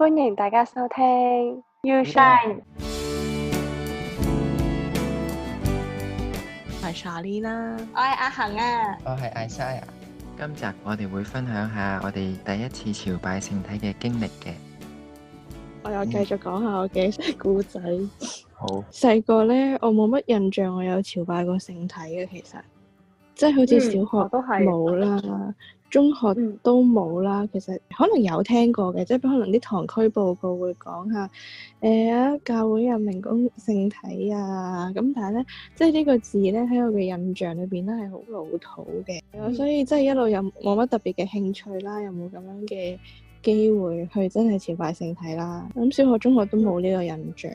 歡迎大家收聽 You Shine。我是，我係 Shirley 啦。我係阿恒啊。我係 Ishaya。今集我哋會分享下我哋第一次朝拜聖體嘅經歷嘅。我又繼續講下我嘅故仔。好。細個咧，我冇乜印象，我有朝拜過聖體嘅其實。即係好似小學都係冇啦，嗯、中學都冇啦。嗯、其實可能有聽過嘅，即係可能啲堂區報告會講下，誒、哎、啊教會有明供聖體啊。咁但係咧，即係呢個字咧喺我嘅印象裏邊咧係好老土嘅，嗯、所以即係一路有冇乜特別嘅興趣啦，有冇咁樣嘅機會去真係朝拜聖體啦。咁小學、中學都冇呢個印象。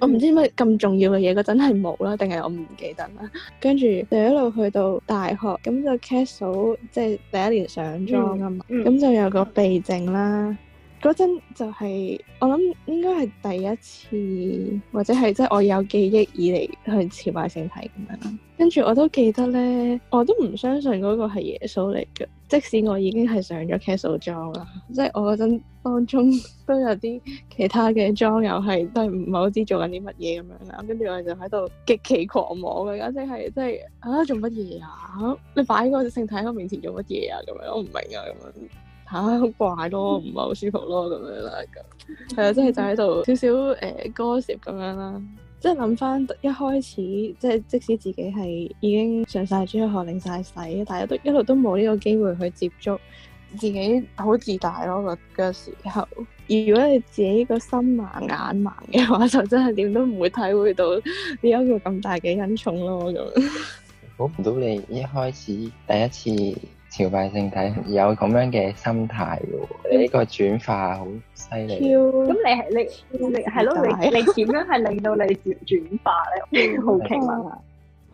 我唔知乜咁重要嘅嘢，嗰陣係冇啦，定係我唔記得啦。跟住就一路去到大學，咁就 castle 即係第一年上莊啊嘛，咁、嗯、就有個避靜啦。嗰陣就係、是、我諗應該係第一次，或者係即係我有記憶以嚟去朝拜聖體咁樣啦。跟住我都記得咧，我都唔相信嗰個係耶穌嚟嘅。即使我已經係上咗 Castle 裝啦， 即係我嗰陣當中都有啲其他嘅裝，又係都係唔係好知做緊啲乜嘢咁樣啦。跟住我哋就喺度極其狂妄嘅，簡直係即係啊做乜嘢啊？你擺嗰個性體喺我面前做乜嘢啊？咁樣我唔明啊咁樣吓，好怪咯，唔係好舒服咯咁樣啦咁，係啊，即係就喺度少少誒干涉咁樣啦。即係諗翻一開始，即係即使自己係已經上晒中學，領晒細，但係都一路都冇呢個機會去接觸自己好自大咯，嗰個時候。而如果你自己個心盲眼盲嘅話，就真係點都唔會體會到呢一個咁大嘅恩寵咯咁。估唔到你一開始第一次，朝拜聖體有咁樣嘅心態喎，你 個轉化好犀利。超咁你係你你係咯你你點樣係令到你轉轉化咧？好奇嘛？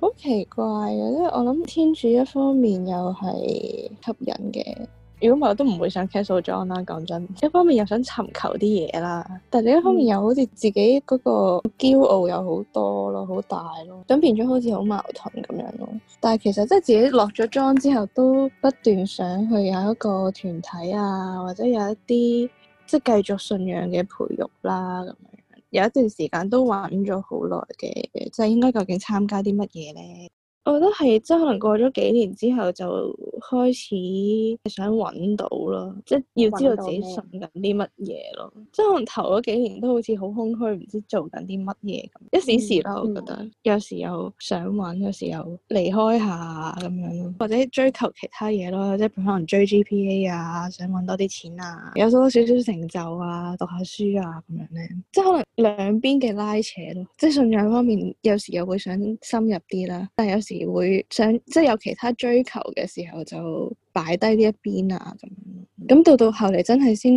好奇怪嘅，因為我諗天主一方面又係吸引嘅。如果唔係，我都唔會想 casual 裝啦。講真，一方面又想尋求啲嘢啦，但另一方面又好似自己嗰個驕傲又好多咯，好大咯。咁變咗好似好矛盾咁樣咯。但係其實即係自己落咗妝之後，都不斷想去有一個團體啊，或者有一啲即係繼續信仰嘅培育啦、啊。咁樣有一段時間都玩咗好耐嘅，即係應該究竟參加啲乜嘢咧？我覺得係，即係可能過咗幾年之後就開始想揾到咯，即係要知道自己信緊啲乜嘢咯。即係可能頭嗰幾年都好似好空虛，唔知做緊啲乜嘢咁。嗯、一時時啦，我覺得、嗯、有時又想揾，有時又離開下咁樣咯，或者追求其他嘢咯，即係可能追 GPA 啊，想揾多啲錢啊，有多少少成就啊，讀下書啊咁樣咧。即係可能兩邊嘅拉扯咯，即係信仰方面有時又會想深入啲啦，但係有時，會想即係有其他追求嘅時候就擺低呢一邊啊咁，咁到到後嚟真係先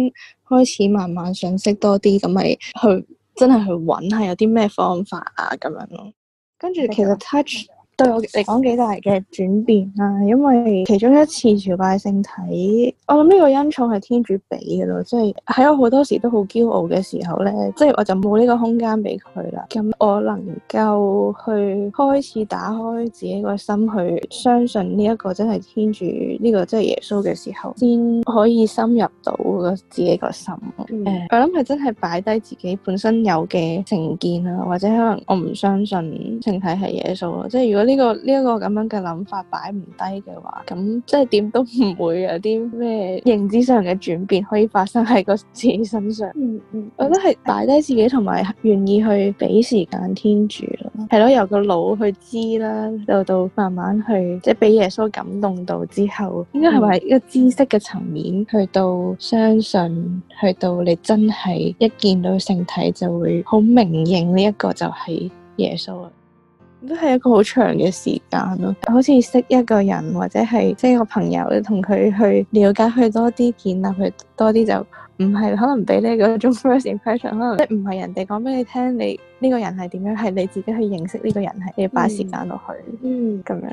開始慢慢想識多啲，咁咪去真係去揾下有啲咩方法啊咁樣咯。跟住其實 touch。對我嚟講幾大嘅轉變啊，因為其中一次朝拜聖體，我諗呢個恩寵係天主俾嘅咯，即係喺我好多時都好驕傲嘅時候呢，即係我就冇呢個空間俾佢啦。咁我能夠去開始打開自己個心去相信呢一個真係天主，呢、這個真係耶穌嘅時候，先可以深入到個自己個心。嗯 uh, 我諗係真係擺低自己本身有嘅成見啊，或者可能我唔相信聖體係耶穌咯，即係如果。呢個呢一個咁樣嘅諗法擺唔低嘅話，咁即係點都唔會有啲咩認知上嘅轉變可以發生喺個自己身上。嗯嗯，我覺得係擺低自己同埋願意去俾時間天主咯。係咯，由個腦去知啦，到到慢慢去，即係俾耶穌感動到之後，應該係咪一個知識嘅層面，去到相信，去到你真係一見到聖體就會好明認呢一個就係耶穌啊。都係一個好長嘅時間咯，好似識一個人或者係即係個朋友，同佢去了解去多啲，建立佢多啲，就唔係可能俾你嗰種 first impression，可能即係唔係人哋講俾你聽，你呢個人係點樣，係你自己去認識呢個人係，你要擺時間落去，嗯，咁、嗯、樣。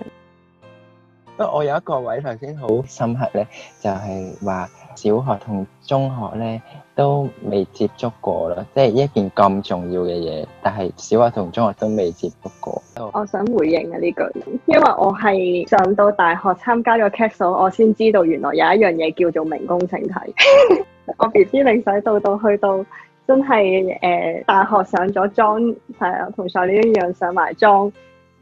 不過我有一個位頭先好深刻咧，就係話。小學同中學咧都未接觸過啦，即係一件咁重要嘅嘢，但係小學同中學都未接觸過。我想回應啊呢句，因為我係上到大學參加咗 Cast 我先知道原來有一樣嘢叫做明供聖體。 我 B B 令使到到去到，真係誒、呃、大學上咗莊係啊，同上年一樣上埋莊，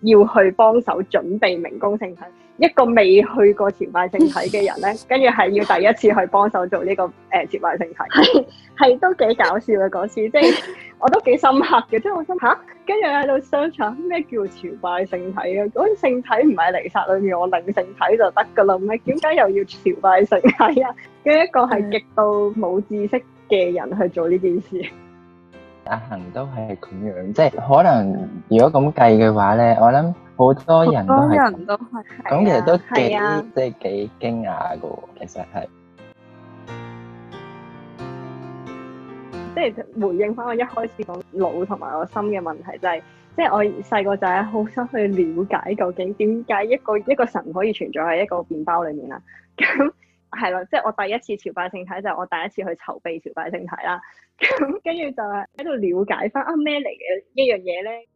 要去幫手準備明供聖體。一個未去過朝拜聖體嘅人咧，跟住係要第一次去幫手做呢個誒朝拜聖體，係都幾搞笑嘅嗰次。即係我都幾深刻嘅，即係我心嚇，跟住喺度 search 咩叫朝拜聖體啊？嗰啲聖體唔係彌撒裏面，我領聖體就得㗎啦咩？點解又要朝拜聖體啊？跟一個係極度冇知識嘅人去做呢件事，阿恒都係咁樣，即係可能如果咁計嘅話咧，我諗。好多人都係，咁其實都幾即係幾驚訝嘅喎，其實係。即係回應翻我一開始講腦同埋我心嘅問題，就係即係我細個就係好想去了解究竟點解一個一個神可以存在喺一個麵包裡面啊？咁係咯，即係我第一次朝拜聖體就係我第一次去籌備朝拜聖體啦。咁跟住就係喺度了解翻啊咩嚟嘅一樣嘢咧。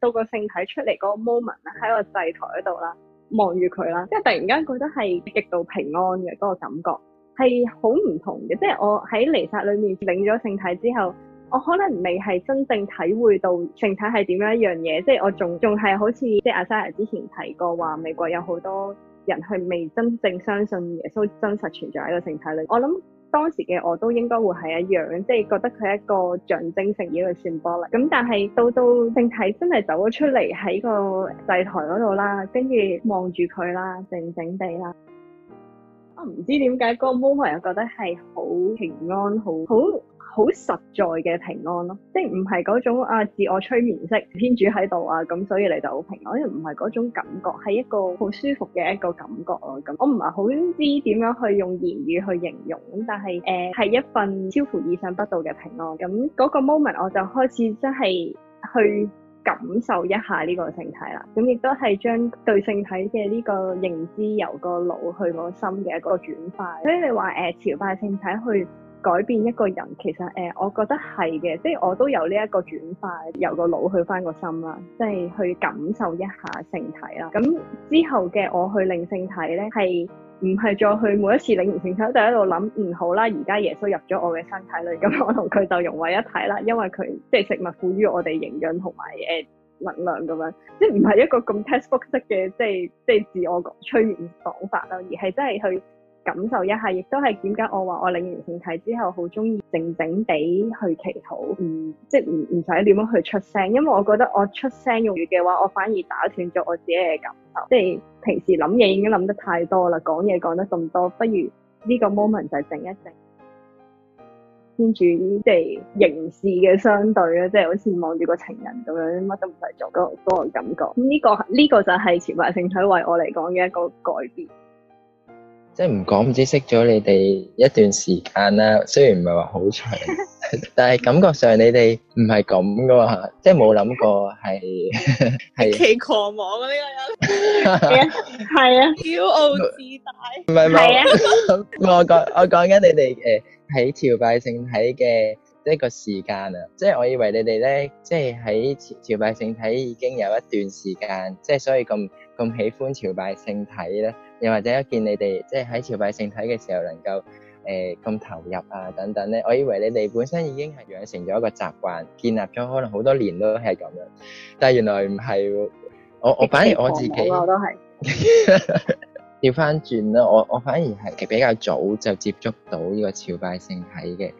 到個聖體出嚟嗰個 moment 喺個祭台嗰度啦，望住佢啦，即係突然間覺得係極度平安嘅嗰、那個感覺，係好唔同嘅。即係我喺彌撒裏面領咗聖體之後，我可能未係真正體會到聖體係點樣一樣嘢。即係我仲仲係好似即係阿 Sarah 之前提過話，美國有好多人係未真正相信耶穌真實存在喺個聖體裏，我諗。當時嘅我都應該會係一樣，即係覺得佢係一個象徵性嘢嘅鑽波璃。咁但係到到聖體真係走咗出嚟喺個祭台嗰度啦，跟住望住佢啦，靜靜地啦，我唔知點解嗰個 moment 又覺得係好平安，好好。好實在嘅平安咯，即係唔係嗰種啊自我催眠式天主喺度啊咁，所以你就好平安，因為唔係嗰種感覺，係一個好舒服嘅一個感覺咯。咁、啊、我唔係好知點樣去用言語去形容，咁但係誒係一份超乎意想不到嘅平安。咁、啊、嗰、嗰個 moment 我就開始真係去感受一下呢個聖體啦。咁亦都係將對聖體嘅呢個認知由個腦去個心嘅一個轉化。所以你話誒朝拜聖體去。改變一個人其實誒、呃，我覺得係嘅，即係我都有呢一個轉化，由個腦去翻個心啦，即係去感受一下聖體啦。咁之後嘅我去領聖體咧，係唔係再去每一次領完聖體就喺度諗唔好啦？而家耶穌入咗我嘅身體裏，咁我同佢就融為一體啦。因為佢即係食物賦予我哋營養同埋誒能量咁樣，即係唔係一個咁 textbook 式嘅即係即係自我講催眠講法啦，而係真係去。感受一下，亦都係點解我話我領完聖體之後好中意靜靜地去祈禱，唔、嗯、即係唔唔使點樣去出聲，因為我覺得我出聲用語嘅話，我反而打斷咗我自己嘅感受。即係平時諗嘢已經諗得太多啦，講嘢講得咁多，不如呢個 moment 就靜一靜，跟天主地形凝視嘅相對啦，即係好似望住個情人咁樣，乜都唔使做，嗰、嗰、嗰、個嗰個感覺。呢、嗯呢個呢、呢個就係前排聖體為我嚟講嘅一個改變。即係唔講唔知，識咗你哋一段時間啦。雖然唔係話好長， 但係感覺上你哋唔係咁噶喎，即係冇諗過係係狂妄啊！呢、這個人係啊，驕傲自大。唔係嘛？我講我講緊你哋誒喺朝拜聖體嘅一個時間啊。即係我以為你哋咧，即係喺朝拜聖體已經有一段時間，即係所以咁咁喜歡朝拜聖體咧。又或者一見你哋即係喺朝拜聖體嘅時候能夠能夠誒咁投入啊等等咧，我以為你哋本身已經係養成咗一個習慣，建立咗可能好多年都係咁樣，但係原來唔係，我我反而我自己我都係調翻轉啦，我 反我，我反而係比較早就接觸到呢個朝拜聖體嘅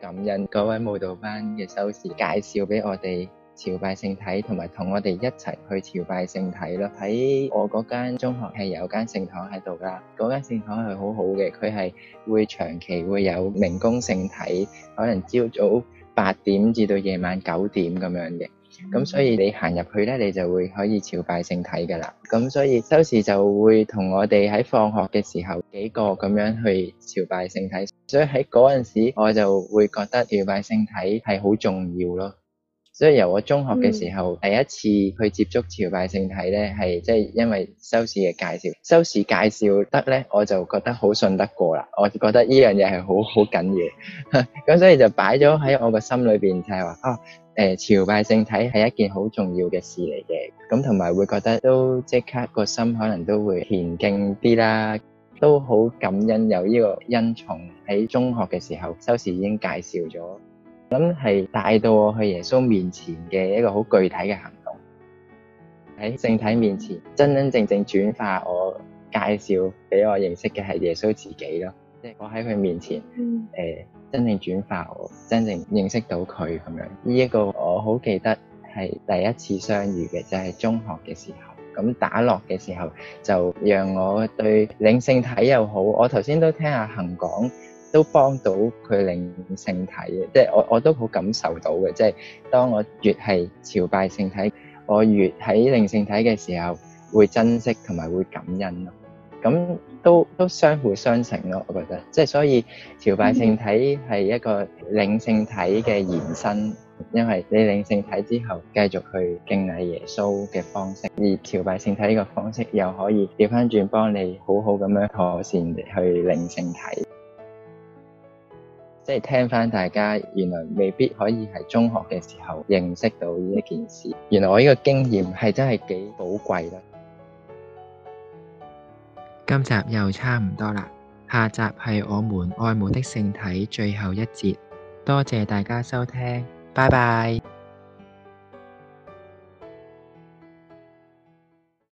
感恩嗰位舞蹈班嘅收視介紹俾我哋。朝拜聖體，同埋同我哋一齊去朝拜聖體咯。喺我嗰間中學係有間聖堂喺度噶，嗰間聖堂係好好嘅。佢係會長期會有明供聖體，可能朝早八點至到夜晚九點咁樣嘅。咁所以你行入去咧，你就會可以朝拜聖體噶啦。咁所以周時就會同我哋喺放學嘅時候幾個咁樣去朝拜聖體。所以喺嗰陣時，我就會覺得朝拜聖體係好重要咯。所以由我中學嘅時候、嗯、第一次去接觸朝拜聖體咧，係即係因為修士嘅介紹，修士介紹得咧，我就覺得好信得過啦。我覺得呢樣嘢係好好緊要，咁 所以就擺咗喺我個心裏邊就係話啊，誒、呃、朝拜聖體係一件好重要嘅事嚟嘅，咁同埋會覺得都即刻個心可能都會恬靜啲啦，都好感恩有呢個恩寵喺中學嘅時候修士已經介紹咗。咁係帶到我去耶穌面前嘅一個好具體嘅行動，喺聖體面前真真正正轉化我，介紹俾我認識嘅係耶穌自己咯，即係我喺佢面前誒、呃、真正轉化我，真正認識到佢咁樣。呢、這、一個我好記得係第一次相遇嘅，就係、是，中學嘅時候。咁打落嘅時候就讓我對領聖體又好，我頭先都聽阿恆講，都幫到佢領聖體嘅，即係我我都好感受到嘅。即係當我越係朝拜聖體，我越喺領聖體嘅時候會珍惜同埋會感恩咯。咁都都相輔相成咯，我覺得即係所以朝拜聖體係一個領聖體嘅延伸，嗯、因為你領聖體之後繼續去敬禮耶穌嘅方式，而朝拜聖體呢個方式又可以調翻轉幫你好好咁樣妥善去領聖體。即係聽返大家，原來未必可以喺中學嘅時候認識到呢一件事。原來我呢個經驗係真係幾寶貴啦。今集又差唔多啦，下集係我們愛慕的聖體最後一節。多謝大家收聽，拜拜。